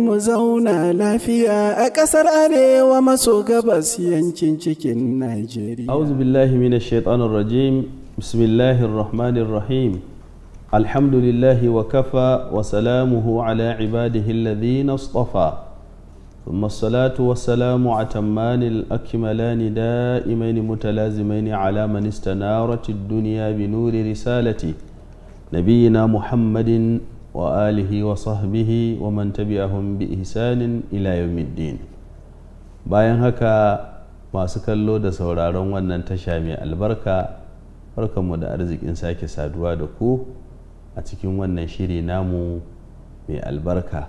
mu zauna lafiya a ƙasar arewa maso gabas yankin cikin Najeriya. Auzu billahi minash shaitanir rajim. Bismillahir rahmanir rahim. Alhamdulillahi wa kafa wa salamuhu ala ibadihi alladhina istafa. ثم الصلاة والسلام أتمان الأكملان دائمين متلازمين على من استنارت الدنيا بنور رسالته نبينا محمد وآله وصحبه ومن تبعهم بإحسان إلى يوم الدين bayan haka masu kallo da sauraron wannan tasha mai albarka barkanmu da arzikin sake saduwa da ku a cikin wannan shiri namu mai albarka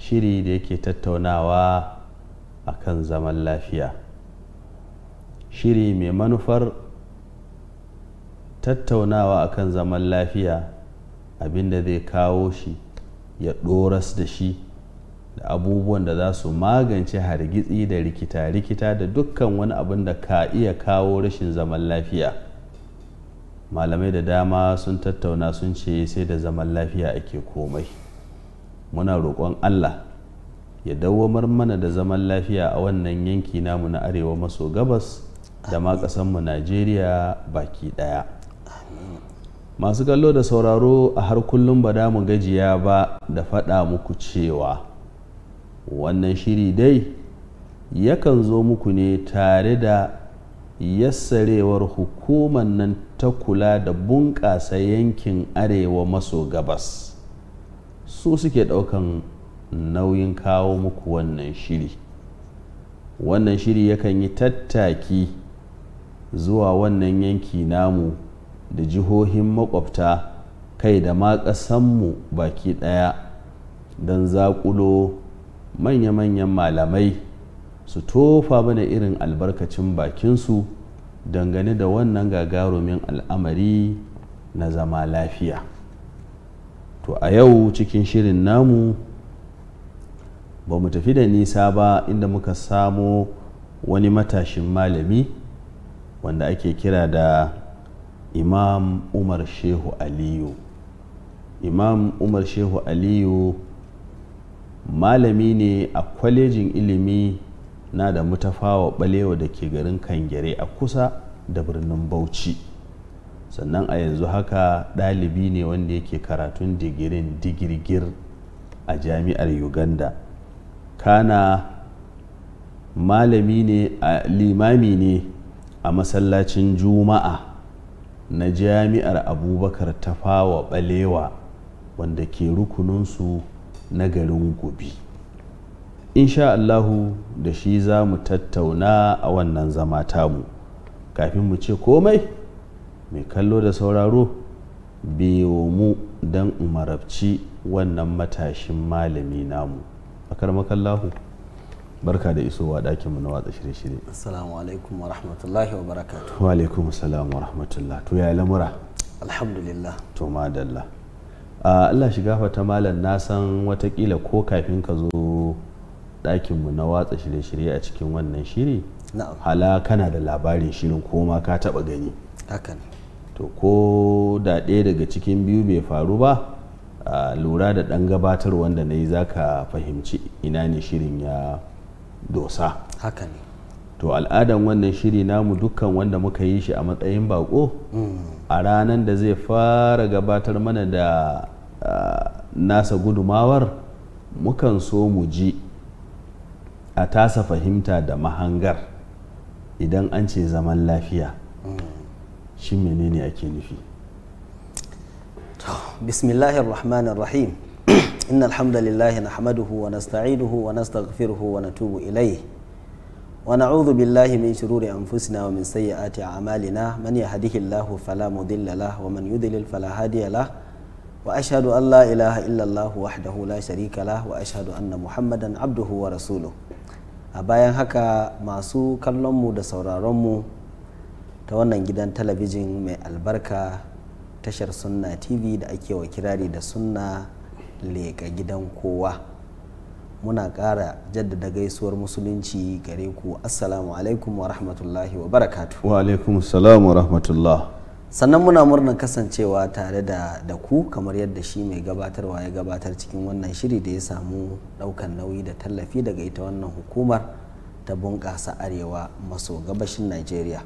shiri da yake tattaunawa a zaman lafiya shiri mai manufar tattaunawa a kan zaman lafiya abin da zai kawo shi ya ɗoras da shi da abubuwan da za su magance hargitsi da rikita-rikita da dukkan wani abin da ka iya kawo rashin zaman lafiya malamai da dama sun tattauna sun ce sai da zaman lafiya ake komai muna roƙon allah ya dawwamar mana da zaman lafiya a wannan yanki namu na arewa maso gabas da ma ƙasanmu najeriya baki ɗaya masu kallo da sauraro a har kullum ba mu gajiya ba da faɗa muku cewa wannan shiri dai yakan zo muku ne tare da yassarewar hukumar nan ta kula da bunƙasa yankin arewa maso gabas su suke ɗaukan nauyin kawo muku wannan shiri wannan shiri yakan yi tattaki zuwa wannan yanki namu da jihohin makwabta kai da ma ƙasanmu baki ɗaya don zaƙulo manya-manyan malamai su tofa mana irin albarkacin bakinsu dangane da wannan gagarumin al'amari na zama lafiya to a yau cikin shirin namu ba mu tafi da nisa ba inda muka samo wani matashin malami wanda ake kira da imam umar shehu aliyu imam umar shehu aliyu malami ne a kwalejin ilimi na da mutafawa balewa da ke garin kangere a kusa da birnin bauchi sannan a yanzu haka ɗalibi ne wanda yake karatun digirin digirgir a jami'ar uganda kana malami ne limami ne a masallacin juma'a na jami'ar abubakar ta fawa balewa wanda ke rukuninsu na garin gobe insha allahu da shi za mu tattauna a wannan zama tamu kafin mu ce komai mai kallo da sauraro biyo mu don umarabci wannan matashin malami namu a karmakallahu barka da isowa ɗakin mu na watsa shirye-shirye assalamu alaikum wa rahmatullahi wa barakatuh wa alaikum assalam wa rahmatullah to ya lamura alhamdulillah to madalla Allah shiga fata malam na san watakila ko kafin ka zo ɗakin mu na watsa shirye-shirye a cikin wannan shiri hala kana da labarin shirin ko ma ka taba gani hakan to ko da ɗaya daga cikin biyu bai faru ba lura da ɗan gabatar wanda na yi za ka fahimci ina ne shirin ya dosa haka ne to al'adan wannan shiri namu dukkan wanda muka yi shi a matsayin bako mm. a ranar da zai fara gabatar mana da nasa gudumawar mukan so mu ji a tasa fahimta da mahangar idan an ce zaman lafiya mm. shi menene ake nufi bismillahir rahmanir rahim إن الحمد لله نحمده ونستعينه ونستغفره ونتوب إليه ونعوذ بالله من شرور أنفسنا ومن سيئات أعمالنا من يهده الله فلا مضل له ومن يضلل فلا هادي له وأشهد أن لا إله إلا الله وحده لا شريك له وأشهد أن محمدا عبده ورسوله أبايا هكا masu kallonmu da دا ta wannan gidan talabijin mai albarka tashar sunna tv da ake wa kirari da sunna leƙa gidan kowa muna ƙara jaddada gaisuwar musulunci gare ku assalamu alaikum wa rahmatullahi wa barakatu wa alaikum salam wa rahmatullah sannan muna murnar kasancewa tare da da ku kamar yadda shi mai gabatarwa ya gabatar cikin wannan shiri da ya samu ɗaukan nauyi da tallafi daga ita wannan hukumar ta bunƙasa arewa maso gabashin najeriya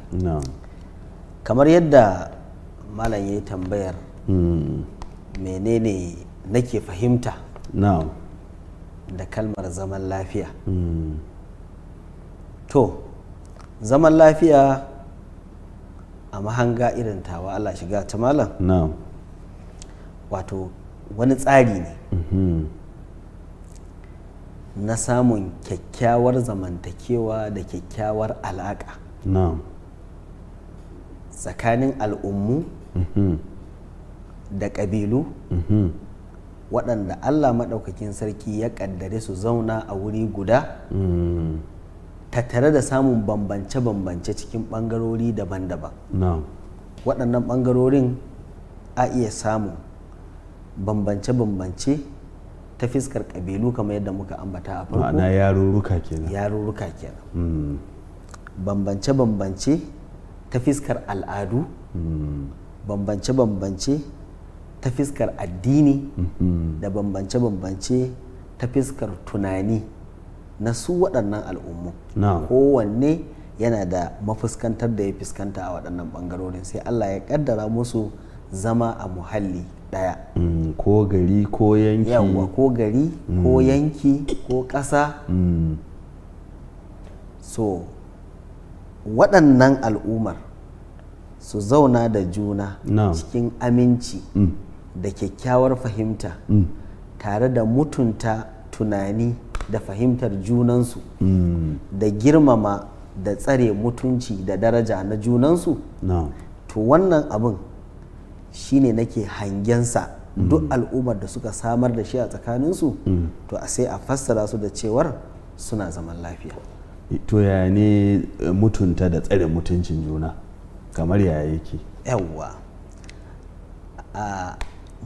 kamar yadda malam ya yi tambayar hmm. menene nake fahimta da kalmar zaman lafiya hmm. to zaman lafiya a mahanga irin tawa Allah shiga ta malam wato wani tsari ne mm-hmm. na samun kyakkyawar zamantakewa da kyakkyawar alaƙa tsakanin al'ummu mm-hmm. da ƙabilu mm-hmm. waɗanda Allah maɗaukakin sarki ya ƙaddare su zauna a wuri guda mm. tattare da samun bambance-bambance cikin ɓangarori daban-daban waɗannan ɓangarorin a iya samun bambance-bambance ta fiskar ƙabilu kamar yadda muka ambata a farko ma'ana yarurruka kenan yarurruka kenan mm. bambance-bambance ta fiskar al'adu mm. bambance-bambance ta fiskar addini mhm. da bambance-bambance ta fiskar tunani na su waɗannan al'ummu kowanne yana da mafuskantar da ya fuskanta a waɗannan ɓangarorin sai allah ya ƙaddara musu zama a muhalli ɗaya mm, ko gari ko yanki yawwa ko gari ko mm. yanki ko ƙasa mm. so waɗannan al'ummar su zauna da juna cikin aminci da kyakkyawar fahimta mm. tare da mutunta tunani da fahimtar junansu mm. da girmama da tsare mutunci da daraja na junansu to wannan abin shine nake hangensa mm. duk al'ummar da suka samar da shi a tsakaninsu to a sai a fassara su da cewar suna zaman lafiya e, to ya ne e, mutunta da tsare mutuncin juna kamar yaya yake yawwa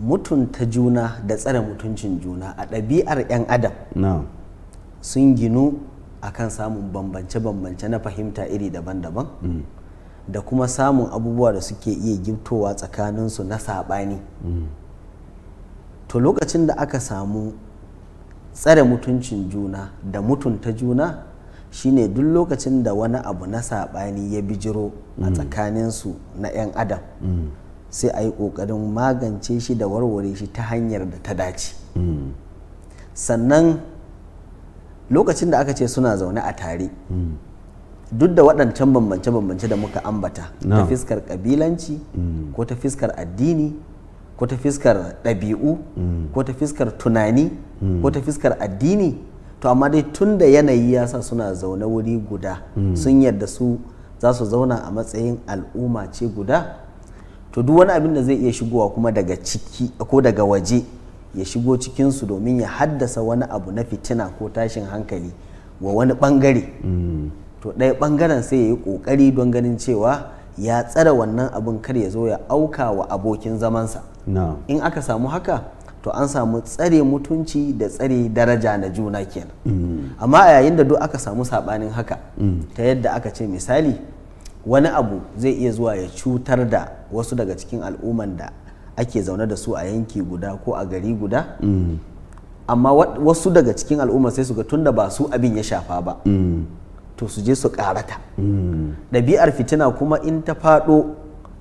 mutunta juna da tsare mutuncin juna a ɗabi'ar 'yan adam sun ginu akan samun bambance-bambance na fahimta iri daban-daban mm. da kuma samun abubuwa da suke iya giftowa tsakaninsu na saɓani mm. to lokacin da aka samu tsare mutuncin juna da mutunta juna shine duk lokacin da wani abu na saɓani ya bijiro a mm. tsakaninsu na 'yan adam sai a yi ƙoƙarin magance shi da warware shi ta hanyar da ta dace hmm. sannan lokacin da aka ce suna zaune a tare hmm. duk da waɗancan bambance-bambance da muka ambata ta fiskar ƙabilanci hmm. ko ta fiskar addini ko ta fiskar ɗabi'u ko ta fiskar tunani ko ta fiskar addini to amma dai tun da yanayi ya sa suna zaune wuri guda sun yarda su za su zauna a matsayin al'umma ce guda to duk wani abin da zai iya shigowa kuma daga ciki ko daga waje ya shigo cikinsu domin ya haddasa wani abu na fitina ko tashin hankali wa wani bangare mm. to ɗaya bangaren sai ya yi ƙoƙari don ganin cewa ya tsara wannan abin kar ya zo ya auka wa abokin zamansa in aka samu haka to an samu tsare mutunci da tsare daraja na juna kenan mm. amma a yayin da duk aka samu saɓanin haka mm. ta yadda aka ce misali wani abu zai iya zuwa ya cutar da wasu daga cikin al'umman da ake zaune da su a yanki guda ko a gari guda amma wasu daga cikin al'umma sai su ga tunda ba su abin ya shafa ba to su je su karata ɗabi'ar fitina kuma in ta faɗo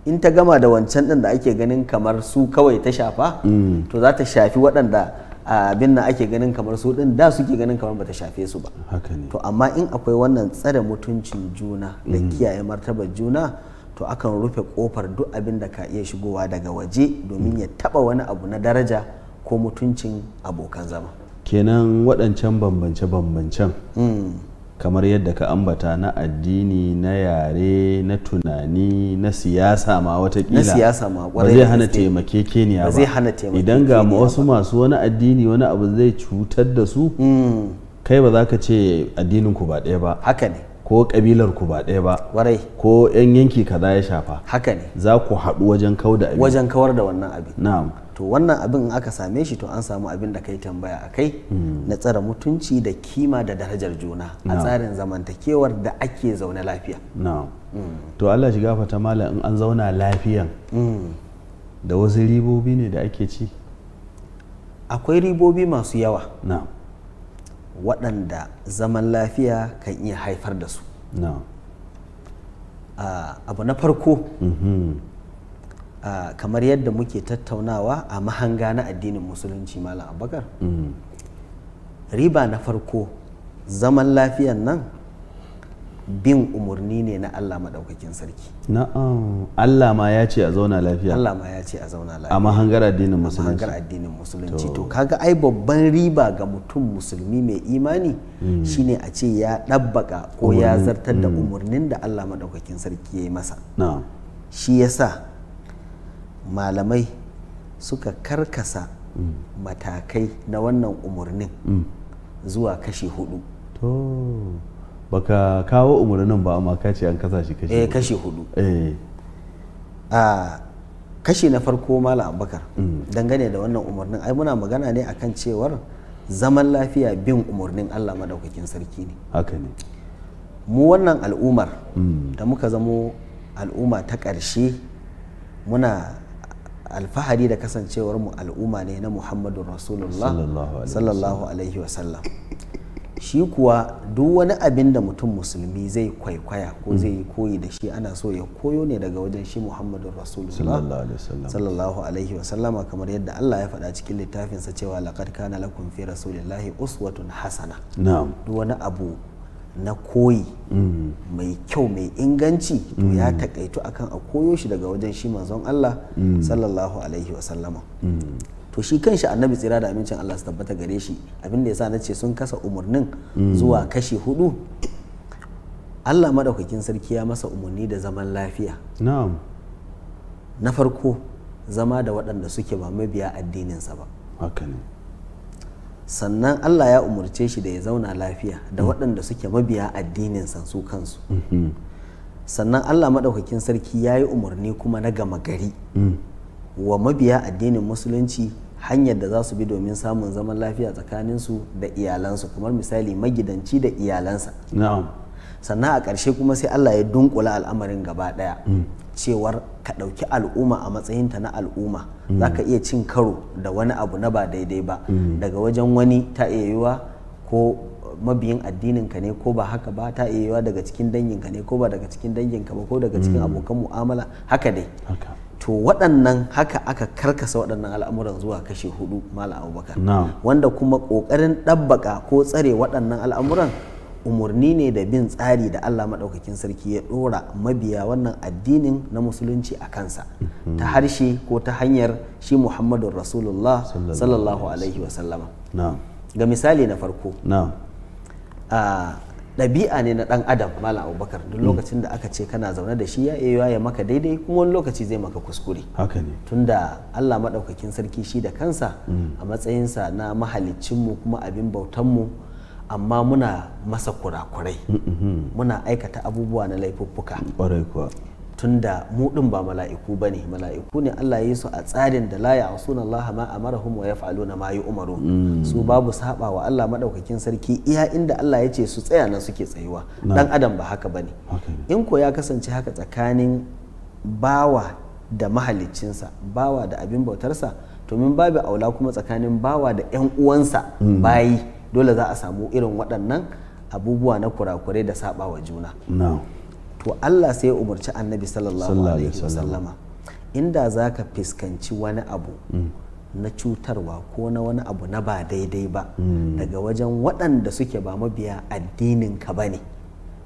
in ta gama da wancan ɗin da ake ganin kamar su kawai ta shafa to za ta shafi waɗanda abin nan ake ganin kamar su din da suke ganin kamar bata shafe su ba to amma in akwai wannan tsare mutuncin juna da mm. kiyaye martaba juna to akan rufe kofar duk abin da ka iya shigowa daga waje domin mm. ya taba wani abu na daraja ko mutuncin abokan zama kenan waɗancan bambance-bambancen mm. kamar yadda ka ambata na addini na yare na tunani na siyasa ma watakila na siyasa ma ba zai hana taimakekeniya ba idan ga wasu masu wani addini wani abu zai cutar da su hmm. kai ba za ka ce addinin ku ba ɗaya ba haka ne ko kabilar ku ba ɗaya ba warai ko yan yanki kaza ya shafa haka ne za ku haɗu wajen kawar da wajen kawar da wannan abin na'am to wannan abin in aka same shi to an samu abin da kai tambaya a kai hmm. na tsara mutunci da kima da darajar juna a tsarin zamantakewar da ake zaune lafiya hmm. to Allah shiga fata malam in an zauna lafiyan hmm. da wasu ribobi ne da ake ci akwai ribobi masu yawa waɗanda zaman lafiya kan iya haifar da su ah, abu na farko mhm. kamar yadda muke tattaunawa a mahanga na addinin musulunci malam abakar mm. riba na farko zaman lafiyan nan bin umarni ne na Allah maɗaukakin sarki. Na'am Allah ma ya ce a zauna lafiya. Allah ma ya ce a zauna lafiya. A mahangar addinin musulunci. A mahangar addinin musulunci. To kaga ai babban riba ga mutum musulmi mai imani mm. shine a ce ya ɗabbaka ko ya zartar da mm. umarnin da Allah maɗaukakin sarki ya yi masa. Na'am. Shi yasa malamai suka karkasa matakai na wannan umarnin mm. zuwa kashi hudu to baka kawo umarnin ba amma ka ce an kasa shi kashi eh kashi hudu eh a kashi na farko malam abubakar mm. dangane da wannan umarnin ai muna magana ne akan cewar zaman lafiya bin umarnin allah madaukakin sarki ne haka ne mu wannan al'umar mm. da muka zamo al'umma ta ƙarshe muna alfahari da kasancewar mu al'umma ne na muhammadun rasulullah sallallahu alaihi wasallam shi kuwa duk wani abin da mutum musulmi zai kwaikwaya ko mm. zai yi koyi da shi ana so ya koyo ne daga wajen shi muhammadun rasulullah sallallahu alaihi wasallama kamar yadda allah ya faɗa cikin littafinsa cewa laqad kana lakum fi rasulillahi uswatun hasana duk wani abu na koyi mm. mai kyau mai inganci to ya mm. takaitu akan a koyo shi daga wajen shi manzon Allah mm. sallallahu alaihi wa sallama to shi kanshi annabi tsira da amincin Allah su tabbata gare shi abinda sa na ce sun kasa umarnin zuwa kashi hudu Allah madaukakin sarki ya masa umarni da zaman lafiya na farko zama da waɗanda suke ba mabiya addinin sa ba sannan Allah ya umarce shi da ya zauna lafiya da mm. waɗanda suke mabiya addinin su kansu mm-hmm. sannan Allah maɗaukakin sarki ya yi umarni kuma na gama gari mm. wa mabiya addinin musulunci hanyar da za su bi domin samun zaman lafiya tsakaninsu da iyalansu kamar misali magidanci da iyalansa sannan a ƙarshe kuma sai Allah ya dunkula al'amarin gaba ɗaya mm. cewar ka ɗauki al'umma a matsayinta na al'umma mm. za ka iya cin karo da wani abu na ba daidai ba mm. daga wajen wani ta yiwuwa ko mabiyin addinin ka ne ko ba haka ba ta yiwuwa daga cikin danginka ne ko ba daga cikin danginka ba ko daga cikin mm. abokan mu'amala haka dai to waɗannan haka aka karkasa waɗannan al'amuran zuwa kashe hudu mala abubakar wanda kuma ƙoƙarin ɗabbaka ko tsare waɗannan al'amuran umarni ne da bin tsari da Allah maɗaukakin sarki ya ɗora mabiya wannan addinin na musulunci a kansa mhm. ta harshe ko ta hanyar shi muhammadu Rasulullah sallallahu Alaihi wasallama. Ga misali na farko, ɗabi'a ne na ɗan adam Malam Abubakar duk mm. lokacin da aka ce kana zaune da shi ya iya ya maka daidai kuma wani lokaci zai maka kuskure. Tunda Allah maɗaukakin sarki shi da kansa mm. a matsayinsa na mahaliccinmu kuma abin bautanmu. mu amma muna masa kurakurai mm-hmm. muna aikata abubuwa na laifuffuka tunda mu din ba mala'iku bane mala'iku ne Allah ya yi su a tsarin da la ya'suna Allah ma amarahum wa yaf'aluna ma yu'maru mm. su babu saba wa Allah madaukakin sarki iya inda Allah ya ce su tsaya na suke tsayuwa dan adam ba haka bane in ko ya kasance haka tsakanin bawa da mahaliccinsa bawa da abin bautarsa to min babu aula kuma tsakanin bawa da 'yan uwansa mm. bayi dole za a samu irin waɗannan abubuwa na kurakurai da saba wa juna to Allah sai ya umarci annabi sallallahu alaihi wasallama inda za ka fiskanci wani abu mm. na cutarwa ko na wani abu na ba daidai ba mm. daga wajen waɗanda suke ba mabiya addinin ka bane. ne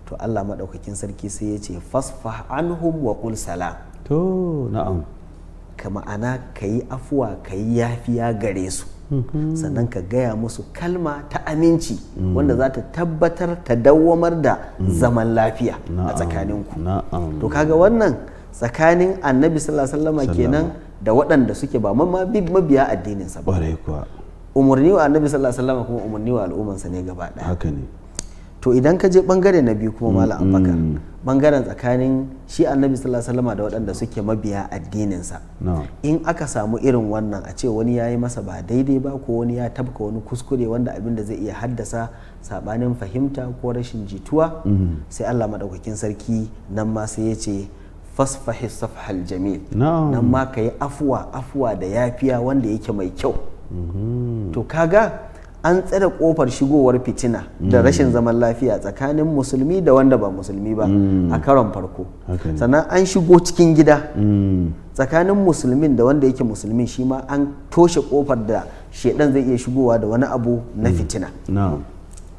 to Allah maɗaukakin sarki sai ya ce fasfa anhum wa qul salam to na'am ka ma'ana ka yi afuwa ka yi yafiya gare su sannan ka gaya musu kalma ta aminci wanda za ta tabbatar ta dawwamar da zaman lafiya a tsakaninku to kaga wannan tsakanin annabi sallallahu alaihi kenan da waɗanda suke ba mabiya addininsa ba umarni wa annabi sallallahu alaihi kuma umarni wa al'ummansa ne gaba ɗaya haka ne to idan ka je bangare na biyu kuma malam abubakar bangaren tsakanin shi annabi sallallahu alaihi da waɗanda suke mabiya addininsa in aka samu irin wannan a ce wani ya yi masa ba daidai ba ko wani ya tabka wani kuskure wanda abin da zai iya haddasa sabanin fahimta ko rashin jituwa mm-hmm. sai allah madaukakin sarki nan ma sai ya ce fasfahi safhal jamil nan ma ka yi afuwa afuwa da yafiya wanda yake mai kyau mm-hmm. to kaga an tsare kofar shigowar fitina da rashin mm. zaman lafiya tsakanin musulmi da wanda ba musulmi ba mm. a karon farko sannan an shigo cikin gida mm. tsakanin musulmin da wanda yake musulmin shi ma an toshe kofar da shedan zai iya shigowa da wani abu na fitina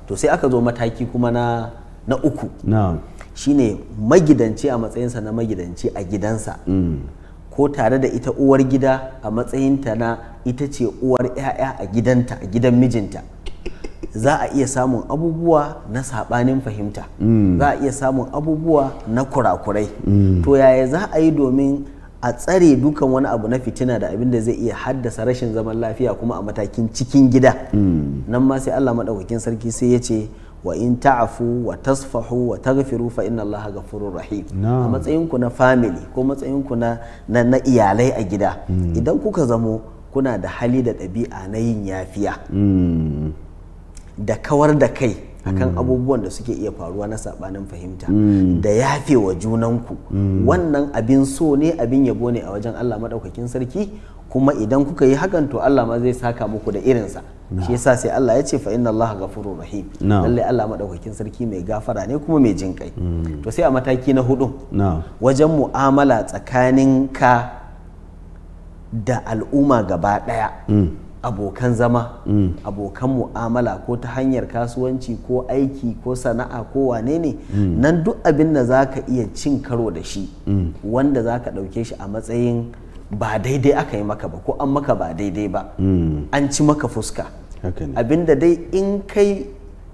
to sai aka zo mataki kuma na na uku shine magidanci a matsayinsa na magidanci a gidansa ko tare da ita uwar gida a matsayinta na ita ce uwar 'ya'ya a gidanta a gidan mijinta za a iya samun abubuwa na saɓanin fahimta mm. za a iya samun abubuwa na kurakurai mm. to yaya za a yi domin a tsare dukan wani abu na fitina da abin da zai iya haddasa rashin zaman lafiya kuma a matakin cikin gida mm. nan ma sai allah maɗaukakin sarki sai ya ce wa in ta'afu wa tasfahu wa taghfiru fa inna Allah ghafurur rahim a matsayin ku na family ko matsayin ku na na iyalai a gida hmm. idan kuka zamo kuna da hali da ɗabi'a na yin yafiya hmm. da kawar da kai akan hmm. abubuwan da suke iya faruwa na sabanin fahimta hmm. da yafe wa junanku hmm. wannan abin so ne abin yabo ne a wajen Allah maɗaukakin sarki kuma idan kuka yi hakan to Allah ma zai saka muku da irinsa shi yasa sai Allah ya ce fa inna Allah ghafurur rahim lalle Allah maɗaukakin sarki mai gafara ne kuma mai jin kai to sai a mataki na hudu wajen mu'amala tsakanin ka da al'umma gaba daya abokan zama mm. abokan mu'amala ko ta hanyar kasuwanci ko aiki ko sana'a ko wane ne mm. nan duk abin da za ka iya cin karo da shi mm. wanda za ka ɗauke shi a matsayin ba daidai aka yi maka ba ko an maka ba daidai ba an ci maka fuska abin da dai in kai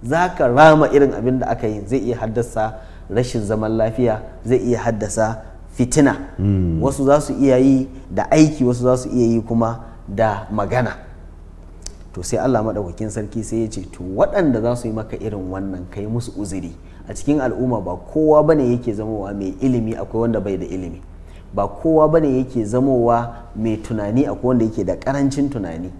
za ka rama irin abin da aka yi zai iya haddasa rashin zaman lafiya zai iya haddasa fitina wasu za su iya yi da aiki wasu za su iya yi kuma da magana to sai Allah maɗaukakin sarki sai ya ce to waɗanda za su yi maka irin wannan kai musu uzuri a cikin al'umma ba kowa bane yake zamowa mai ilimi akwai wanda bai da ilimi ba kowa bane yake zamowa mai tunani akwai wanda yake da karancin tunani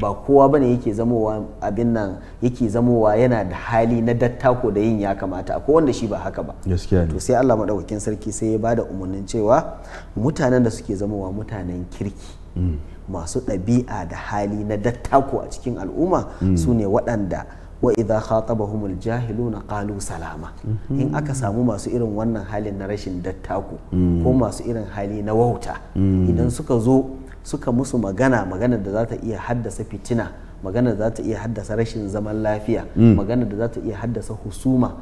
ba kowa bane yake zamowa abin nan yake zamowa yana da hali na dattako da yin ya kamata akwai wanda shi ba haka ba to sai Allah maɗaukakin sarki sai ya bada umurnin cewa mutanen da suke zamowa mutanen kirki mm. masu ɗabi'a da hali na dattako a cikin al'umma mm. su ne waɗanda wa idza khatabahumul jahiluna qalu salama mm-hmm. in aka samu masu irin wannan halin na rashin dattako mm. ko masu irin hali na wauta mm. idan suka zo suka musu magana magana da za ta iya haddasa fitina magana da za ta iya haddasa rashin zaman lafiya magana da za ta iya haddasa husuma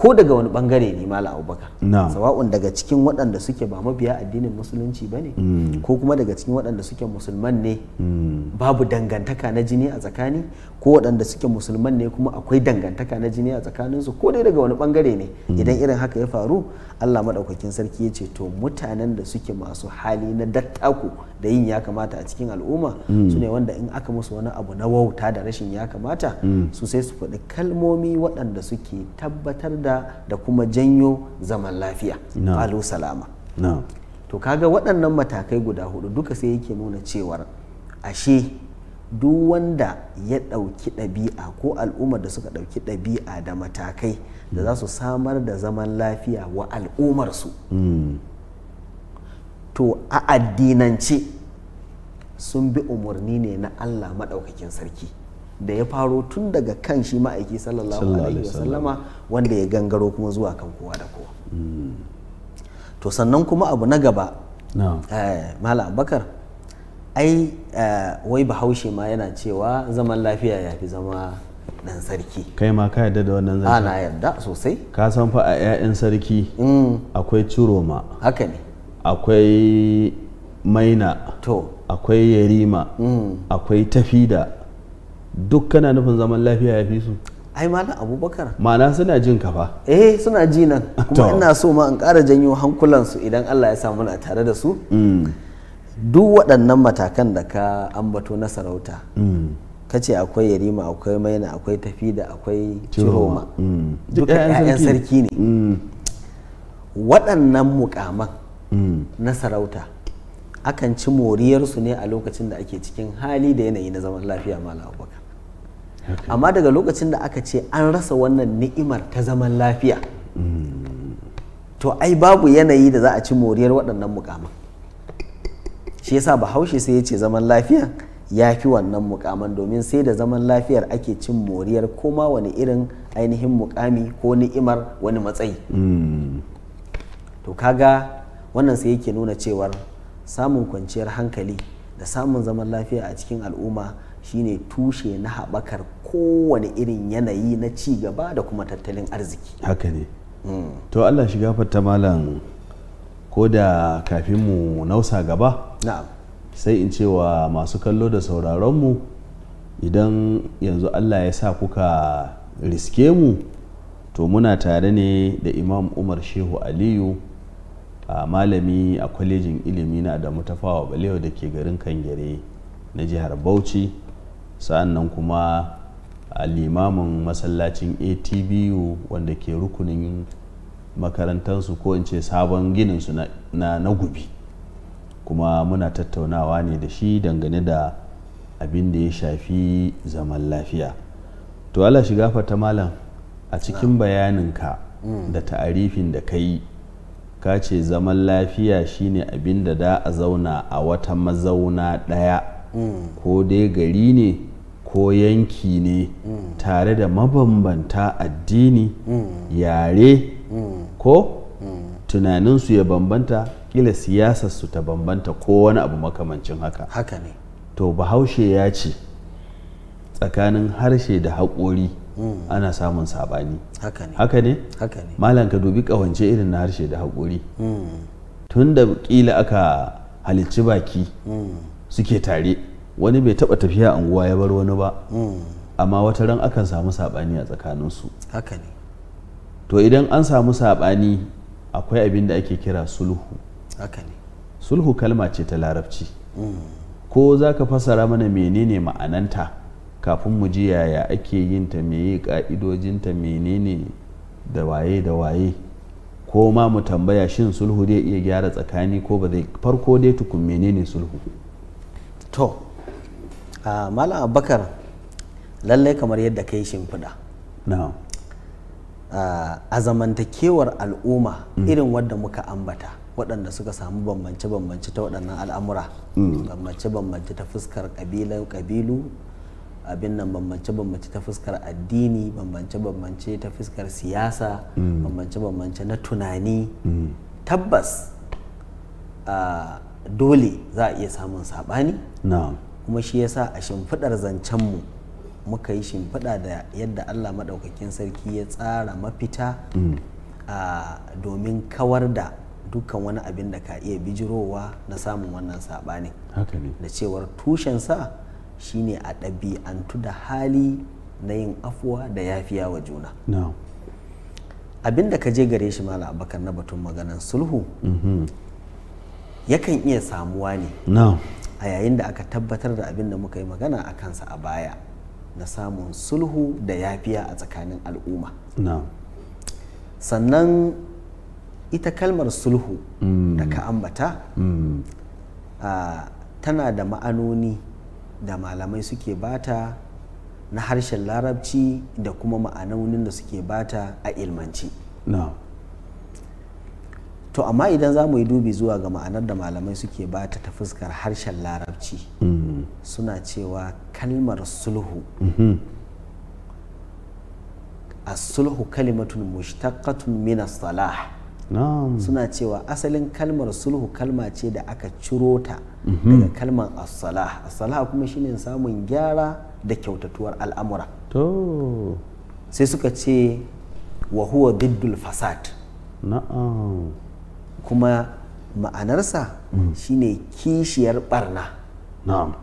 ko daga wani bangare ne mala abubakar sawa'un daga cikin waɗanda suke ba mabiya addinin musulunci ba ne hmm. ko kuma daga cikin waɗanda suke musulman ne hmm. babu dangantaka na jini a tsakani ko waɗanda suke musulman ne kuma akwai dangantaka na jini a tsakaninsu ko dai daga wani bangare ne hmm. idan irin haka ya faru allah maɗaukakin sarki ya ce to mutanen da suke masu hali na dattako da yin ya kamata a cikin al'umma mm. su ne wanda in aka musu wani abu na wauta da rashin ya kamata mm. su sai su faɗi kalmomi waɗanda suke tabbatar da da kuma janyo zaman lafiya falo salama to kaga waɗannan matakai guda hudu duka sai yake nuna cewar ashe duk wanda ya ɗauki ɗabi'a ko al'ummar da suka ɗauki ɗabi'a da matakai da za su samar da zaman lafiya wa al'ummarsu mm. to a addinance sun bi umarni ne na Allah maɗaukakin sarki da ya faro tun daga kan shi ma'aiki sallallahu alaihi wasallama wanda ya gangaro kuma zuwa kan kowa da kowa to sannan kuma abu na gaba eh, mala abakar ai eh, wai bahaushe ma yana cewa zaman lafiya ya fi zama dan sarki kai ma ka yarda da wannan zai ana ah, yarda sosai ka san fa a 'ya'yan sarki mm. akwai ciroma haka ne akwai maina to akwai yarima mm. akwai tafida duk kana nufin zaman lafiya ya fi su ai malam abubakar Mana suna jin ka fa eh suna ji nan kuma ina so ma in ƙara janyo hankulansu idan allah ya sa muna tare da su mm. duk waɗannan matakan da ka ambato na sarauta mm. ka ce akwai yarima akwai maina akwai tafida akwai ciroma duka 'ya'yan sarki ne waɗannan mukaman na sarauta akan ci moriyar su ne a lokacin da ake cikin hali da yanayi na zaman lafiya ma abubakar amma daga lokacin da aka ce an rasa wannan ni'imar ta zaman lafiya to ai babu yanayi da za a ci moriyar waɗannan mukaman shi yasa bahaushe sai ya ce zaman lafiya ya fi wannan mukaman domin sai da zaman lafiyar ake cin moriyar koma wani irin ainihin mukami ko ni'imar wani matsayi mm. to kaga wannan sai yake nuna cewar samun kwanciyar hankali da samun zaman lafiya a cikin al'umma shine tushe na haɓakar kowane irin yanayi na ci gaba da kuma tattalin arziki haka ne hmm. to allah shiga fata malam ko da kafin mu nausa gaba sai in cewa masu kallo da sauraronmu idan yanzu allah ya sa kuka riske mu to muna tare ne da imam umar shehu aliyu A malami a kwalejin ilimi na da mutafawa balewa da ke garin kangare na jihar bauchi sa'annan kuma a limamin masallacin atbu wanda ke rukunin makarantarsu ko in ce sabon gininsu na na gubi kuma muna tattaunawa ne da shi dangane da abin da ya shafi zaman lafiya to ala shiga fata malam a cikin bayaninka mm. da ta'arifin da ka yi ka ce zaman lafiya shine abin da da a zauna a wata mazauna ɗaya mm. ko dai gari ne ko yanki ne mm. tare da mabambanta addini mm. yare ko tunaninsu ya bambanta kila siyasarsu ta bambanta ko wani abu makamancin haka haka ne to bahaushe ya ce tsakanin harshe da haƙori Mm. ana samun saɓani haka ne malam ka dubi ƙawance irin na harshe da haƙuri mm. tun da ƙila aka halicci baki mm. suke tare wani bai taɓa tafiya anguwa ya bar wani ba amma wata ran akan samu saɓani a tsakaninsu haka ne to idan an samu saɓani akwai abin da ake kira sulhu haka ne sulhu kalma ce ta larabci ko za ka fasara mana menene ma'ananta kafin mu ji yaya ake yin ta meye ka'idojinta menene da waye da waye ko ma mu tambaya shin sulhu zai iya gyara tsakani ko ba zai farko dai tukun menene sulhu to a malam abakar lallai kamar yadda kai shimfiɗa no. a zamantakewar al'umma mm. irin wadda muka ambata waɗanda suka samu bambance-bambance ta waɗannan al'amura mm. bambance-bambance ta fuskar ƙabilu abin nan bambance-bambance ta fuskar addini bambance-bambance ta fuskar siyasa bambance-bambance mm. na tunani mm. tabbas dole za a iya samun saɓani kuma shi yasa a shimfiɗar zancenmu muka yi shimfiɗa da yadda allah maɗaukakin sarki ya tsara mafita mm. domin kawar da dukkan wani abin da ka iya bijirowa na samun wannan saɓani da cewar tushensa shine a ɗabi'antu da hali na yin afuwa da yafiya wa juna Abinda abin da ka je gare shi mala abakan na batun maganan sulhu mhm. yakan iya samuwa ne a yayin da aka tabbatar da abin da muka yi magana a kansa a baya na samun sulhu da yafiya a tsakanin al'umma sannan ita kalmar sulhu mm. da ka ambata mm. ah, tana da ma'anoni da malamai suke bata na harshen larabci da kuma ma'anaunin da suke bata a ilmanci no. to amma idan za mu yi dubi zuwa ga ma'anar da malamai suke bata ta fuskar harshen larabci mm-hmm. suna cewa kalmar sulhu mm -hmm. as-sulhu kalimatun mushtaqatun min as-salah suna cewa asalin kalmar sulhu kalma ce da aka ciro ta mhm. daga kalmar as-salah kuma shine samun gyara da kyautatuwar al'amura sai suka ce wa huwa diddul fasad na'am kuma ma'anarsa mm. shine kishiyar barna na'am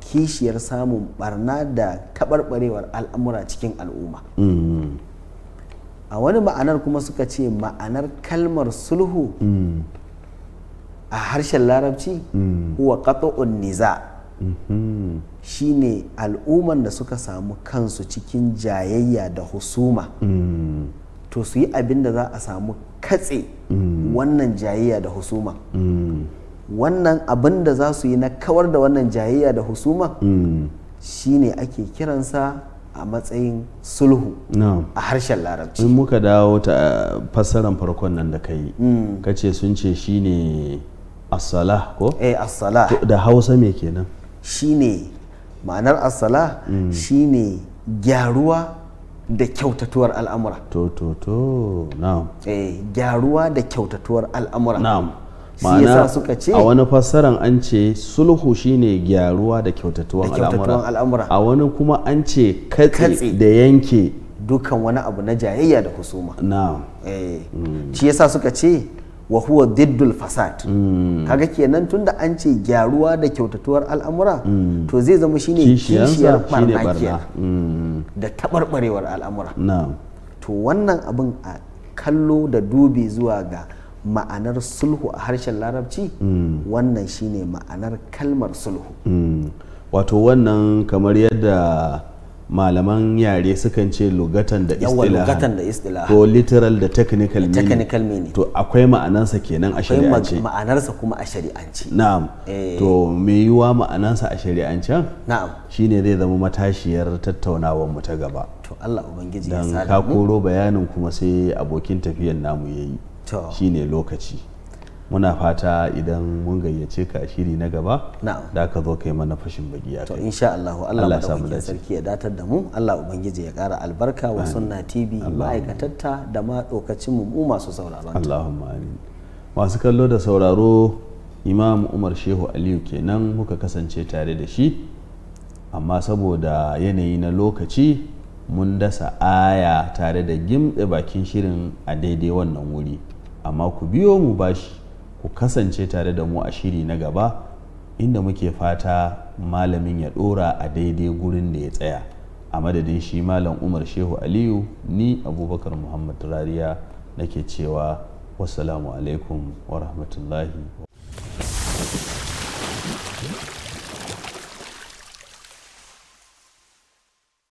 kishiyar samun barna da tabarbarewar al'amura cikin al'umma mm. a wani ma'anar kuma suka ce ma'anar kalmar sulhu mm. a harshen larabci mm. huwa qat'un niza mm-hmm. shine al'umman da suka samu kansu cikin jayayya da husuma mm. to su yi abin da za a samu katse wannan jayayya da husuma wannan abin da za su yi na kawar da wannan jayayya da husuma shine ake kiransa a matsayin sulhu a harshen larabci in muka dawo ta eh, fassarar farkon nan da kai hmm. ka ce sun ce shine asala ko eh asala da hausa me kenan shine ma'anar asala hmm. shine gyaruwa da kyautatuwar al'amura to to to na'am eh gyaruwa da kyautatuwar al'amura na'am ma'ana a wani fassaran an ce sulhu shine gyaruwa da kyautatuwan al'amura a wani kuma an ce katse da yanke dukan wani abu na jayayya da husuma na'am eh mm. shi yasa suka ce wa huwa diddul fasad mm. kaga kenan tunda an ce gyaruwa da kyautatuwar al'amura mm. to zai zama shine kishiyar barna da tabarbarewar al'amura to wannan abin a kallo da dubi zuwa ga ma'anar sulhu a harshen larabci mm. wannan shine ma'anar kalmar sulhu mm. wato wannan kamar yadda malaman yare sukan ce lugatan da istilahan ko literal da technical meaning technical to akwai ma'anansa kenan a shari'ance akwai ma'anarsa kuma a shari'ance na'am eh. to me yiwa ma'anansa a shari'ance na'am shine zai zama matashiyar tattaunawar mu ta gaba to Allah ubangiji ya sa dan ka koro bayanin kuma sai abokin tafiyan namu yayi shine lokaci muna fata idan mun gayyace ka shiri na gaba da ka zo kai mana fashin baki ya kai to insha Allah Allah madaukakin sarki ya datar da mu Allah ubangiji ya kara albarka wa sunna tv ma'aikatatta da ma dokacin mu masu sauraron Allahumma amin masu kallo da sauraro imam Umar Shehu Aliyu kenan muka kasance tare da shi amma saboda yanayi na lokaci mun dasa aya tare da gimbe bakin shirin a daidai wannan wuri amma ku biyo mu bashi ku kasance tare da mu a shiri na gaba inda muke fata malamin ya ɗora a daidai gurin da ya tsaya a madadin shi malam umar shehu aliyu ni abubakar muhammad rariya nake cewa wasu alaikum wa rahmatullahi wa